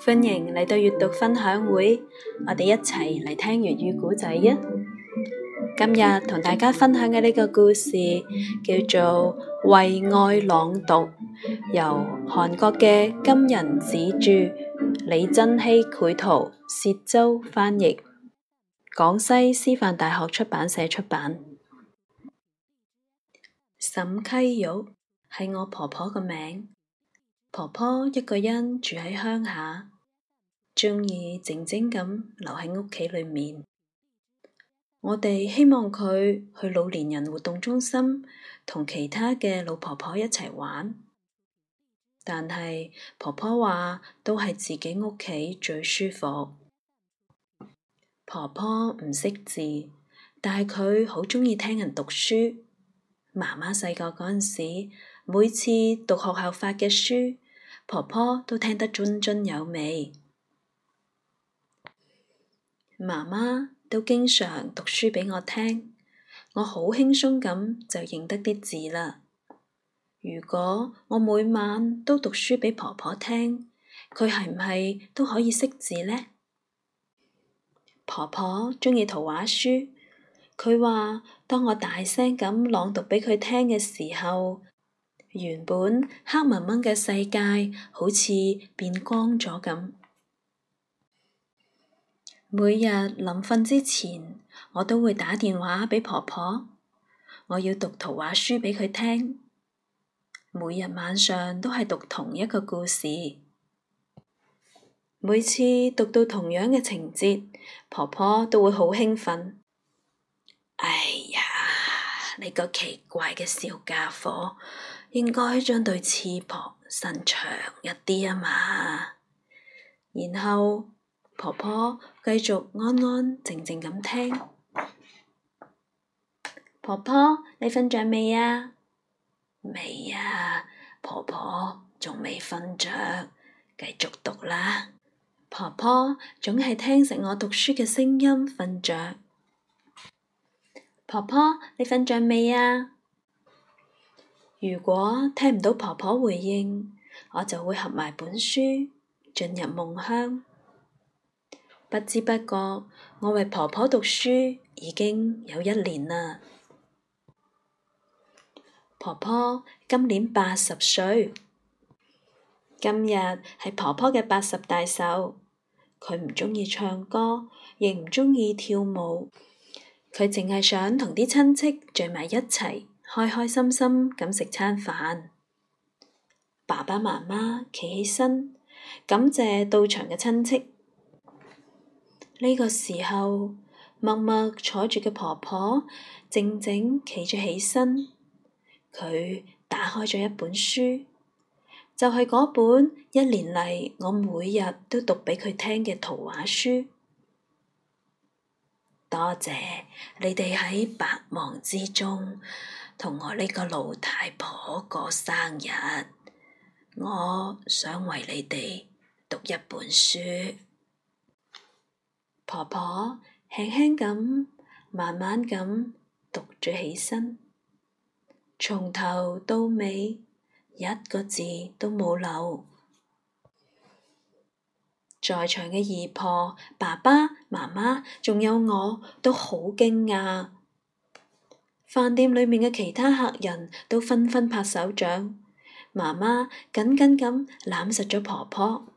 歡迎嚟到閱讀分享會，我哋一齊嚟聽粵語古仔啊！今日同大家分享嘅呢個故事叫做《為愛朗讀》，由韓國嘅金仁子著，李珍熙繪圖，薛舟翻譯，廣西師範大學出版社出版。沈溪玉係我婆婆個名。婆婆一個人住喺鄉下，鍾意靜靜咁留喺屋企裏面。我哋希望佢去老年人活動中心同其他嘅老婆婆一齊玩，但係婆婆話都係自己屋企最舒服。婆婆唔識字，但係佢好鍾意聽人讀書。媽媽細個嗰陣時，每次讀學校發嘅書。婆婆都聽得津津有味，媽媽都經常讀書俾我聽，我好輕鬆咁就認得啲字啦。如果我每晚都讀書俾婆婆聽，佢係唔係都可以識字呢？婆婆鍾意圖畫書，佢話當我大聲咁朗讀俾佢聽嘅時候，原本黑矇矇嘅世界好似變光咗咁。每日臨瞓之前，我都會打電話俾婆婆，我要讀圖畫書俾佢聽。每日晚上都係讀同一個故事，每次讀到同樣嘅情節，婆婆都會好興奮。哎呀，你個奇怪嘅小傢伙！應該將對翅膀伸長一啲啊嘛，然後婆婆繼續安安靜靜咁聽。婆婆你瞓着未啊？未啊，婆婆仲未瞓着，繼續讀啦。婆婆總係聽着我讀書嘅聲音瞓着。婆婆你瞓着未啊？如果聽唔到婆婆回應，我就會合埋本書進入夢鄉。不知不覺，我為婆婆讀書已經有一年啦。婆婆今年八十歲，今日係婆婆嘅八十大壽。佢唔鍾意唱歌，亦唔鍾意跳舞，佢淨係想同啲親戚聚埋一齊。開開心心咁食餐飯，爸爸媽媽企起身感謝到場嘅親戚。呢、這個時候，默默坐住嘅婆婆靜靜企咗起身，佢打開咗一本書，就係、是、嗰本一年嚟我每日都讀俾佢聽嘅圖畫書。多謝你哋喺百忙之中。同我呢個老太婆過生日，我想為你哋讀一本書。婆婆輕輕咁、慢慢咁讀咗起身，從頭到尾一個字都冇漏。在場嘅姨婆、爸爸、媽媽，仲有我都好驚訝。飯店裏面嘅其他客人都紛紛拍手掌。媽媽緊緊咁攬實咗婆婆。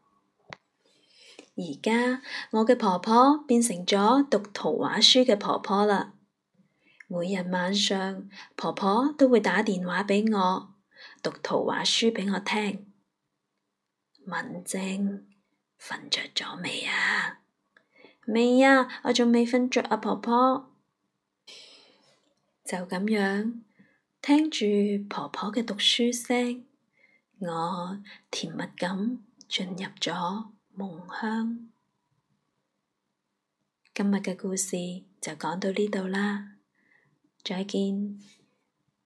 而家我嘅婆婆變成咗讀圖畫書嘅婆婆啦。每日晚上，婆婆都會打電話俾我，讀圖畫書俾我聽。文靜，瞓着咗未啊？未啊，我仲未瞓着啊，婆婆。就咁樣，聽住婆婆嘅讀書聲，我甜蜜咁進入咗夢鄉。今日嘅故事就講到呢度啦，再見。